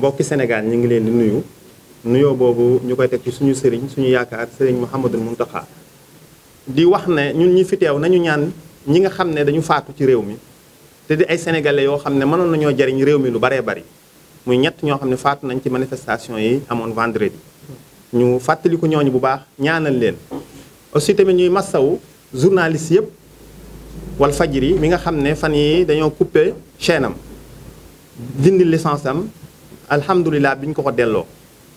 mbokki Sénégal ñu ngi leen di nuyu nuyoo boobu ñu koy teg ci suñu sëriñ suñu yaakaar sëriñ Mouhamadul Mountakha di wax ne ñun ñi fi teew nañu ñaan ñi nga xam ne dañu faatu ci réew mi te di ay sénégalais yoo xam ne mënoon nañoo jariñ réew mi lu baree bari muy ñett ñoo xam ne faatu nañ ci manifestation yi amoon vendredi ñu fàttaliku ñooñu bu baax ñaanal leen aussi tamit ñuy massawu journaliste yëpp Walfadjri mi nga xam ne fan yi dañoo coupé chaîne dindi licence alhamdulilah bi ñu ko ko delloo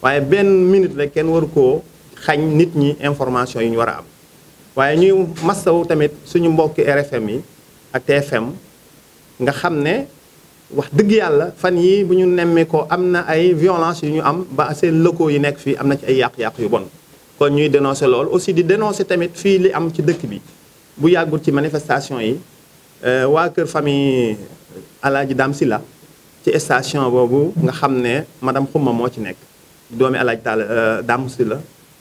waaye benn minute rek kenn waru koo xañ nit ñi information yu ñu war a am waaye ñuy massawu tamit suñu mbokki RFM yi ak TFM nga xam ne wax dëgg yàlla fan yii bu ñu nemmee ko am na ay violence yu ñu am ba seen locaux yi nekk fii am na ci ay yàq-yàq yu bon kon ñuy dénoncer lool aussi di dénoncer tamit fii li am ci dëkk bi bu yàggul ci manifestation yi euh, waa kër famille Alaaji Dam Silla ci station boobu nga xam ne xum ma moo ci nekk doomi alaaj taal euh, Dame si la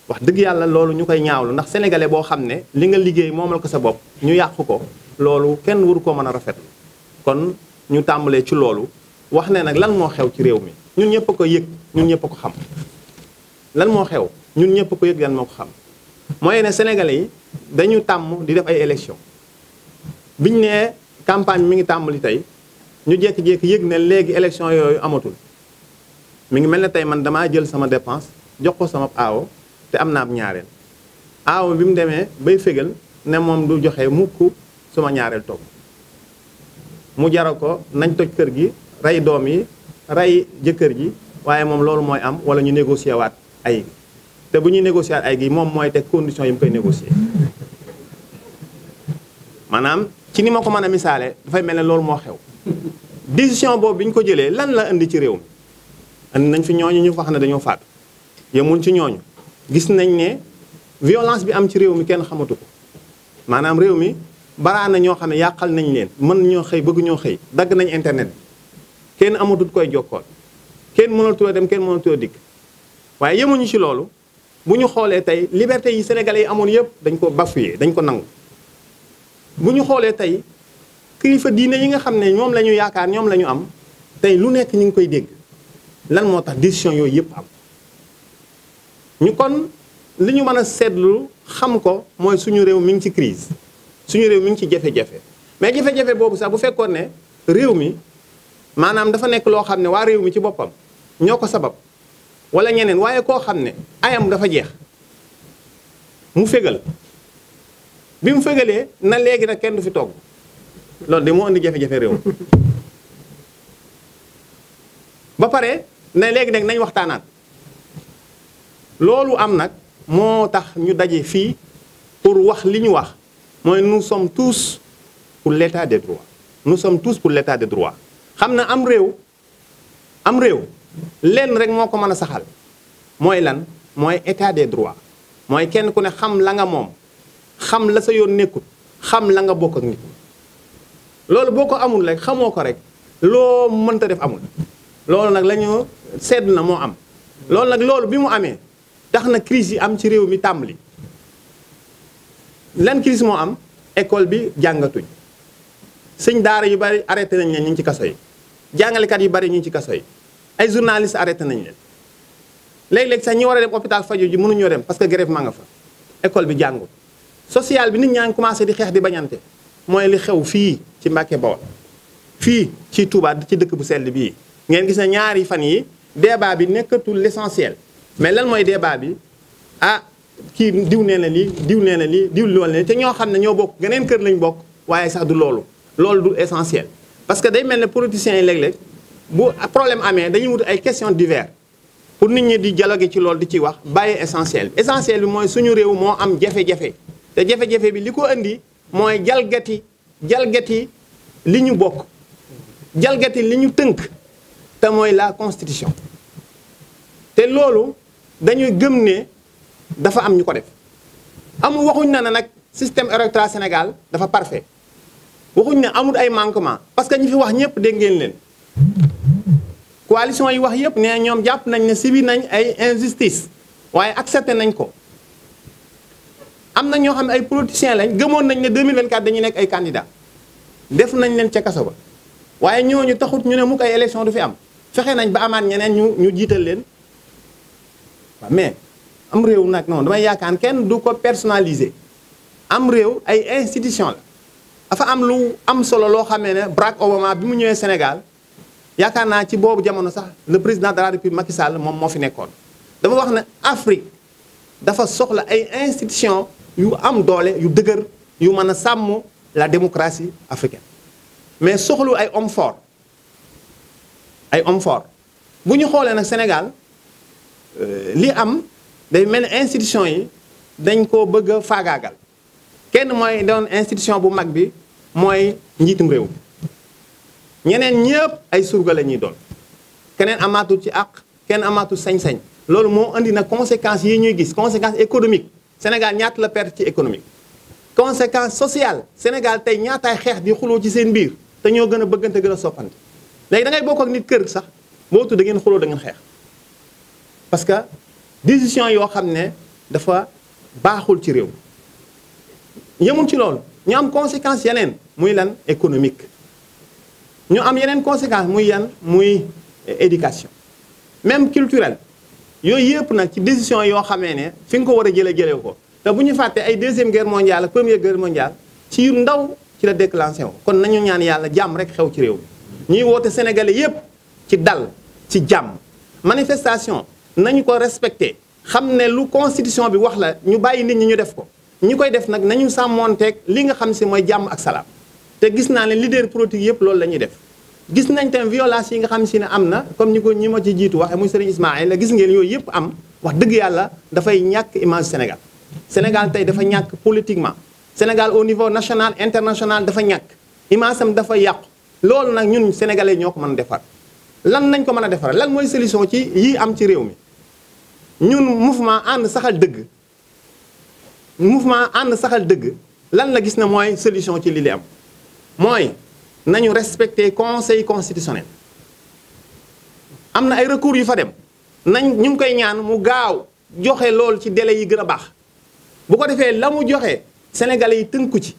wax dëgg yàlla loolu ñu koy ñaawlu ndax sénégalais boo xam ne li nga liggéey moomal ko sa bopp ñu yàqu ko loolu kenn waru ko mën a rafet kon ñu tàmbalee ci loolu wax ne nag lan moo xew ci réew mi ñun ñëpp ko yëg ñun ñëpp ko xam lan moo xew ñun ñëpp ko yëg lan moo ko xam mooy ne sénégalais yi dañu tàmm di def ay élection biñ ne campagne mi ngi tàmbali tey ñu jékki-jékki yëg ne léegi élection yooyu amatul mi ngi mel ne tey man damaa jël sama dépense jox ko sama aawo te am naa ab ñaareel aawo bi mu demee bay fégal ne moom du joxe mukk suma ñaareel toog mu jaral ko nañ toj kër gi rey doom yi rey jëkkër ji waaye moom loolu mooy am wala ñu négocier waat ay te bu ñuy négocier waat ay gi moom mooy teg condition yi mu koy négocier maanaam ci ni ma ko mën a misaale dafay mel ne loolu moo xew décision boobu bi ñu ko jëlee lan la indi ci réew mi indi nañ fi ñooñu ñu wax ne dañoo faat yemuñ ci ñooñu gis nañ ne violence bi am ci réew mi kenn xamatu ko maanaam réew mi baraa na ñoo xam ne yàqal nañ leen mën ñoo xëy bëgg ñoo xëy dagg nañ internet bi kenn amatut koy jokkoon kenn mënatoo dem kenn mënatoo dikk waaye yemuñu ci loolu bu ñu xoolee tey liberté yi sénégalais yi amoon yëpp dañ ko bafoué dañ ko nangu bu ñu xoolee tey kilifa diine yi nga xam ne moom la ñu yaakaar ñoom lañu am tey lu nekk ñu ngi koy dégg lan moo tax décision yooyu yëpp am ñu kon li ñu mën a seetlu xam ko mooy suñu réew mi ngi ci crise suñu réew mi ngi ci jafe-jafe mais jafe-jafe boobu sax bu fekkoon ne réew mi maanaam dafa nekk loo xam ne waa réew mi ci boppam ñoo ko sabab wala ñeneen waaye koo xam ne ayam dafa jeex mu fégal bi mu fégalee na léegi nag kenn du fi togg loolu de moo indi jafe-jafe réew ba pare ne léegi nag nañ waxtaanaat loolu am nag moo tax ñu daje fii pour wax li ñu wax mooy nous sommes tous pour l'état de droits nous sommes tous pour l'état de droits xam na am réew am réew lenn rek moo ko mën a saxal mooy lan mooy état des droit mooy kenn ku ne xam la nga moom xam la sa yoon nekkut xam la nga bokk ak nit loolu boo ko amul rek xamoo ko rek loo mënta def amul loolu nag la ñu sedd na moo am loolu nag loolu bi mu amee tax na crise yi am ci réew mi tàmbali lan crise moo am école bi jàngatuñ sëñ daara yu bari arrêté nañ leen ñu ngi ci kaso yi jàngalekat yu bari ñu ci kaso yi ay journaliste arrêté nañ leen léeg-léeg sax ñi war a dem hôpital fajo ji mënuñoo dem parce que grève maa nga fa école bi jàngu social bi nit ñaa ngi commencé di xeex di bañante mooy li xew fii ci Mbàkke Bawol fii ci Touba ci dëkk bu sell bii ngeen gis ne ñaari fan yi débat bi nekkatul l'essentiel mais lan mooy débat bi ah kii diw nee na lii diw nee na lii diw loolu ne te ñoo xam ne ñoo bokk geneen kër lañ bokk waaye sax du loolu loolu du essentiel parce que day mel ne politiciens yi léeg-léeg bu problème amee dañuy wut ay questions diverses pour nit ñi di dialoguer ci loolu di ci wax bàyyi essentiel bi bi mooy suñu réew moo am jafe te jafe bi li ko indi mooy jalgati jalgati li ñu bokk jalgati li ñu tënk te mooy la constitution te loolu dañuy gëm ne dafa am ñu ko def amul waxuñ na ne nag système électoral Sénégal dafa parfait waxuñ ne amul ay manquement parce que ñi fi wax ñëpp dégg ngeen leen coalition yi wax yëpp ne ñoom jàpp nañ ne sibi nañ ay injustice waaye accepté nañ ko am na ñoo xam ne ay politiciens lañ gëmoon nañ ne 2024 dañuy nekk ay candidats def nañ leen ca kaso ba waaye ñooñu taxut ñu ne mukk ay élection am fexe nañ ba amaat ñeneen ñu ñu jiital leen mais am réew nag noonu damay yaakaar kenn du ko personnaliser am réew ay institution la dafa am lu am solo loo xamee ne Barack Obama bi mu ñëwee Sénégal yaakaar naa ci boobu jamono sax le président de la République Macky moom moo fi nekkoon. dama wax ne Afrique dafa soxla ay institution yu am doole yu dëgër yu mën a sàmm la démocratie africaine mais soxlu ay homme fort ay homme fort bu ñu xoolee nag Sénégal euh, li am day mel ni institution yi dañ ko bëgg a faagaagal kenn mooy doon institution bu mag bi mooy njiitum réew ñeneen ñëpp ay surga la ñuy doon keneen amaatul ci àq kenn amaatul sañ-sañ loolu moo indi nag conséquences yi ñuy gis conséquences économiques Sénégal ñaata la perte ci économique conséquence sociale Sénégal tey ñaataay xeex di xuloo ci seen biir te ñoo gën a bëggante gën a soppante léegi da ngay bokk ak nit kër sax boo tudd da ngeen xuloo da xeex parce que décision yoo xam ne dafa baaxul ci réew yemul ci loolu ñu am conséquence yeneen muy lan économique ñu am yeneen conséquence muy yan muy éducation même culturelle yooyu yëpp nag ci décision yoo xamee ne fi nga ko war a jële jëlee ko te bu ñu fàttee ay deuxième guerre mondiale ak première guerre mondiale ci yu ndaw ci la déclenché wu kon nañu ñaan yàlla jàmm rek xew ci réew ñuy woote sénégalais yëpp ci dal ci jàmm manifestation nañu ko respecté xam ne lu constitution bi wax la ñu bàyyi nit ñi ñu def ko ñi koy def nag nañu sàmmoonteeg li nga xam si mooy jàmm ak salaam te gis naa ne leader politique yëpp loolu la ñuy def gis nañ tam violence yi nga xam si ne am na comme ñi ko ñi ma ci jiitu waxe muy Serigne Ismaïla la gis ngeen yooyu yëpp am wax dëgg yàlla dafay ñàkk image Sénégal Sénégal tey dafa ñàkk politiquement Sénégal au niveau national international dafa ñàkk image am dafa yàqu loolu nag ñun sénégalais ñoo ko mën a defar lan nañ ko mën a defar lan mooy solution ci yii am ci réew mi ñun mouvement ànd saxal dëgg mouvement ànd saxal dëgg lan la gis na mooy solution ci li li nañu respecter conseil constitutionnel am na ay recours yu fa dem nañ ñu ngi koy ñaan mu gaaw joxe lool ci délai yi gën a baax bu ko defee la mu joxe sénégalais yi tënku ci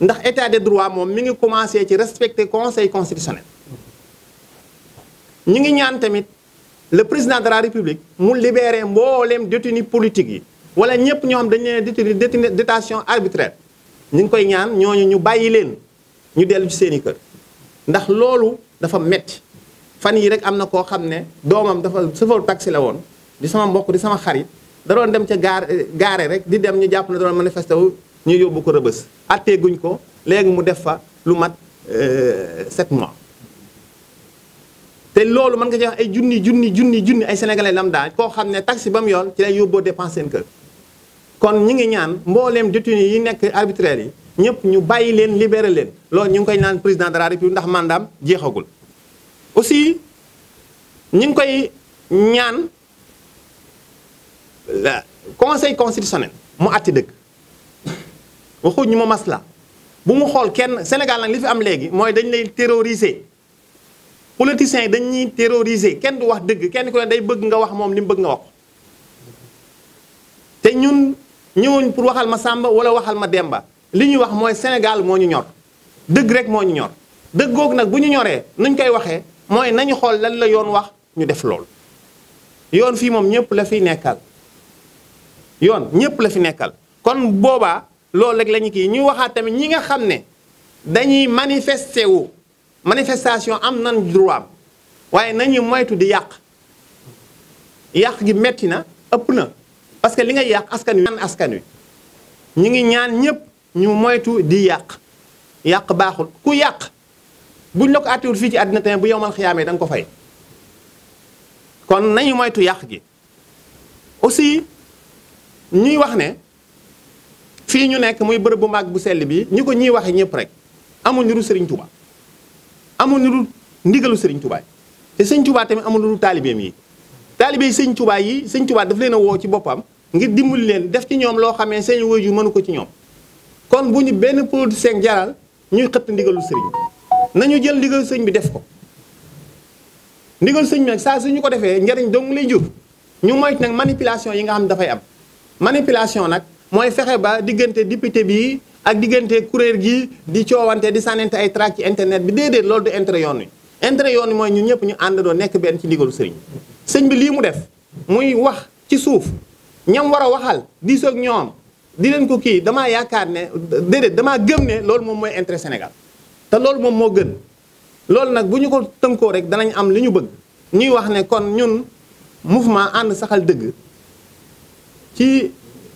ndax état de droit moom mi ngi commencé ci respecter conseil constitutionnel ñu ngi ñaan tamit le président de la république mu libéré mbooleem détenu politique yi wala ñëpp ñoom dañu leen détenu détention arbitraire ñu ngi koy ñaan ñooñu ñu bàyyi leen ñu dellu ci seeni kër ndax loolu dafa metti fan yi rek am na koo xam ne doomam dafa sëfaru taxi la woon di sama mbokk di sama xarit da dem ca gaar gaare rek di dem ñu jàpp ne da doon manifesté wu ñu yóbbu ko rëbës attee guñ ko léegi mu def fa lu mat 7 euh, mois te loolu mën nga ci ay junni junni junni junni ay sénégalais lambda koo xam ne taxi ba mu yoon ci lay yóbboo dépense seen kër kon ñu ngi ñaan mbooleem détenu yi nekk arbitraire yi ñëpp ñu bàyyi leen libéré leen loolu ñu ngi koy naan président de la république ndax mandaam jeexagul aussi ñu ngi koy ñaan conseil constitutionnel mu atti dëgg waxu ñu ma masla bu mu xool kenn Sénégal nag li fi am léegi mooy dañ lay terroriser politiciens yi dañuy terroriser kenn du wax dëgg kenn ku ne day bëgg nga wax moom li mu bëgg nga wax te ñun ñëwuñ pour waxal ma Samba wala waxal ma Demba li ñuy wax mooy Sénégal moo ñu ñor dëgg rek moo ñu ñor dëgg googu nag bu ñu ñoree nuñ koy waxee mooy nañu xool lan la yoon wax ñu def lool yoon fii moom ñëpp la fi nekkal yoon ñëpp la fi nekkal kon boobaa loolu rek lañu kii ñuy waxaat tamit ñi nga xam ne dañuy manifestewu wu manifestation am nan droit waaye nañu moytu di yàq yàq gi metti na ëpp na parce que li nga yàq askan wi askan wi ñu ngi ñaan ñëpp ñu moytu di yàq yàq baaxul ku yàq buñ la ko àttewul fii ci àddina tamit bu yow mal xiyaamee da ko fay kon nañu moytu yàq gi aussi ñuy wax ne fii ñu nekk muy bërëb bu mag bu sell bi ñu ko ñuy waxee ñëpp rek amul ñu dul sëriñ Tuubaa amul ñu dul ndigalu sëriñ Tuubaa te sëñ Tuubaa tamit amul ñu dul taalibeem yi taalibe sëñ Tuubaa yi sëñ Tuubaa daf leen a woo ci boppam ngir dimbali leen def ci ñoom loo xamee seen waajur mënu ko ci ñoom kon bu ñu benn politicien jaral ñuy xëtt ndigalu sëriñ nañu jël ndigalu sëñ bi def ko ndigal sëñ bi nag saa su ñu ko defee njariñ dong lay jur ñu moytu nag manipulation yi nga xam dafay am manipulation nag mooy fexe ba diggante député bi ak diggante kuréel gi di coowante di sànnante ay tract ci internet bi déedéet loolu du intre yoon wi intérêt yoon wi mooy ñu ñëpp ñu àndandoo nekk benn ci ndigalu sëriñ sëñ bi lii mu def muy wax ci suuf ñam war a waxal diisoog ñoom di leen ko kii damaa yaakaar ne déedéet damaa gëm ne loolu moom mooy intérêt Sénégal te loolu moom moo gën loolu nag bu ñu ko tënkoo rek danañ am li ñu bëgg ñuy wax ne kon ñun mouvement ànd saxal dëgg ci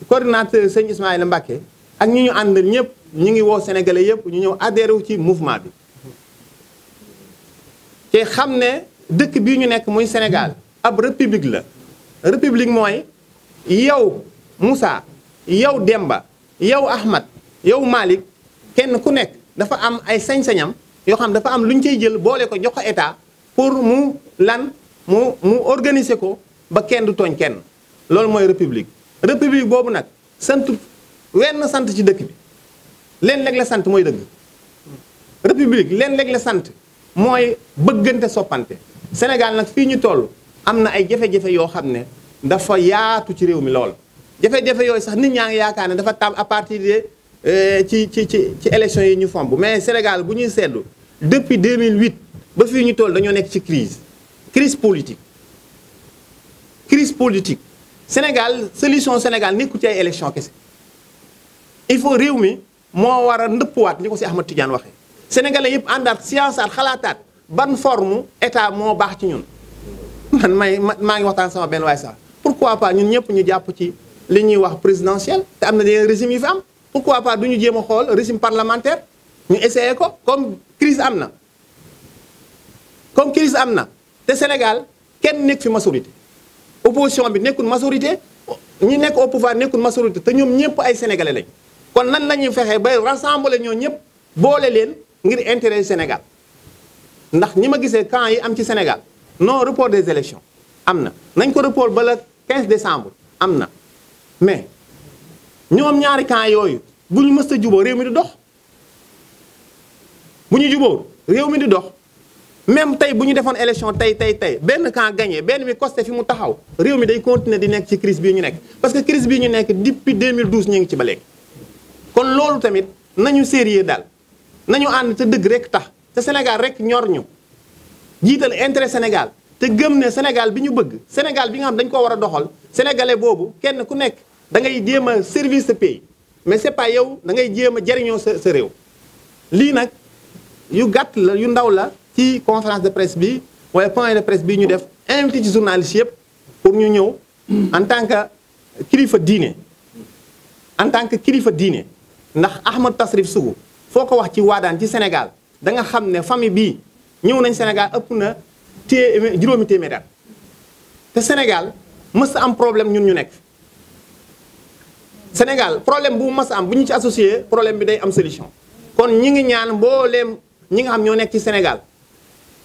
coordinateur sëñ Ismaïla Mbacké ak ñi ñu ànd ñëpp ñu ngi woo sénégalais yëpp ñu ñëw adhéré wu ci mouvement bi te xam ne dëkk bii ñu nekk muy Sénégal ab république la république mooy yow Moussa yow Demba yow Ahmad yow Malick kenn ku nekk dafa am ay sañ-sañam yoo xam ne dafa am lu ñu cay jël boole ko jox ko état pour mu lan mu mu organiser ko ba kenn du tooñ kenn loolu mooy république. république boobu nag sant wenn sant ci dëkk bi leen léeg la sant mooy dëgg république leen léeg la sant mooy bëggante soppante Sénégal nag fii ñu toll am na ay jafe-jafe yoo xam ne dafa yaatu ci réew mi lool. jafe-jafe yooyu sax nit ñaa ngi yaakaar ne dafa tam à partir de euh, ci ci ci ci élection yi ñu fomb mais Sénégal bu ñuy seetlu depuis deux 2008 ba fii ñu toll dañoo nekk ci crise crise politique crise politique Sénégal solution Sénégal nekkul ci ay élection kese il faut réew mi moo war a ndëppwaat ñu ko si Ahmad Tidiane waxee sénégalais yëpp àndaat scienceaat xalaataat ban forme état moo baax ci ñun man may maa ngi waxtaan sama benn waay sax pourquoi pas ñun ñëpp ñu jàpp ci li ñuy wax présidentielle te am na yeneen régime yu fi am pourquoi pas du ñu jéem a xool régime parlementaire ñu essayé ko comme crise am na comme crise am na te Sénégal kenn nekk fi majorité opposition bi nekkul majorité ñi nekk au nekkul majorité te ñoom ñëpp ay sénégalais lañ kon nan la ñuy fexee bay rassembler ñoo ñëpp boole leen ngir intérêt Sénégal ndax ñi ma gisee camp yi am ci Sénégal non report des élections am na nañ ko report ba le 15 décembre am na mais ñoom ñaari camp yooyu bu ñu mës a juboo réew mi di dox bu ñu juboo réew mi di dox même tey bu ñu defoon élection tey tey tey benn camp gagné benn bi costé fi mu taxaw réew mi day continuer di nekk ci crise bii ñu nekk parce que crise bii ñu nekk depuis 2012 ñu ngi ci ba léegi kon loolu tamit nañu séerie daal nañu ànd te dëgg rek tax te Sénégal rek ñor ñu jiital intérêt Sénégal te gëm ne Sénégal bi ñu bëgg Sénégal bi nga xam dañ koo war a doxal sénégalais boobu kenn ku nekk da ngay jéem a service sa pays mais c'est pas yow da ngay jéem a jariñoo sa sa réew lii nag yu gàtt la yu ndaw la ci conférence de presse bi waaye point de presse bi ñu def invité ci journaliste yëpp pour ñu ñëw en tant que kilifa diine en tant que kilifa diine ndax Ahmed Tasrif Sougou foo ko wax ci waadaan ci Sénégal da nga xam ne famille bi ñëw nañ Sénégal ëpp na té juróomi téeméer te Sénégal mës a am problème ñun ñu nekk Sénégal problème bu mas am bu ñu ci associé problème bi day am solution kon ñi ngi ñaan mbooleem ñi ngi xam ñoo nekk ci Sénégal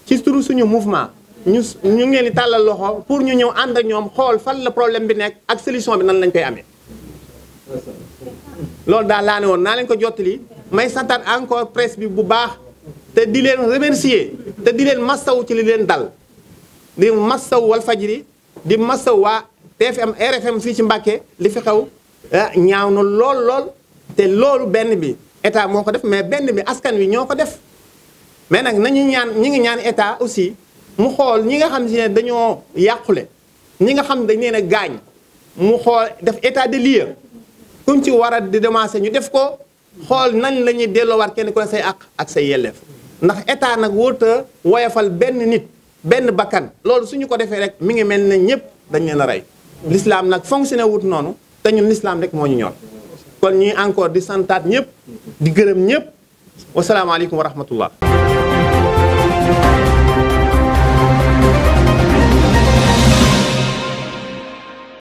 ci turu suñu mouvement ñu ñu ngi leen di tàllal loxo pour ñu ñëw ànd ak ñoom xool fan la problème bi nekk ak solution bi nan lañ koy amee loolu daal laa ne woon naa leen ko jottali may santaat encore presse bi bu baax te di leen remercier te di leen massaw ci li leen dal di massaw Walfadjri di massaw waa TFM RFM fii ci Mbàkke li fi xew Eh, ñaaw na lool lool te loolu benn bi état moo ko def mais benn bi askan wi ñoo ko def mais nag nañu ñaan ñi ngi ñaan état aussi mu xool ñi nga xam si ne dañoo yàqule ñi nga xam dañ leen a gaañ mu xool def état de lieu kuñ ci war a di demancé ñu def ko xool nañ la ñuy delloowaat kenn ku say àq ak say yelleef ndax état nag wóorta woyofal benn nit benn bakkan loolu suñu ko defee rek mi ngi mel ne ñëpp dañ leen a rey l'islam nag fonctionné wut noonu te ñun lislaam rek moo ñu ñor kon ñuy encore di santaat ñëpp di gërëm ñëpp wasalaamaaleykum wa rahmatullah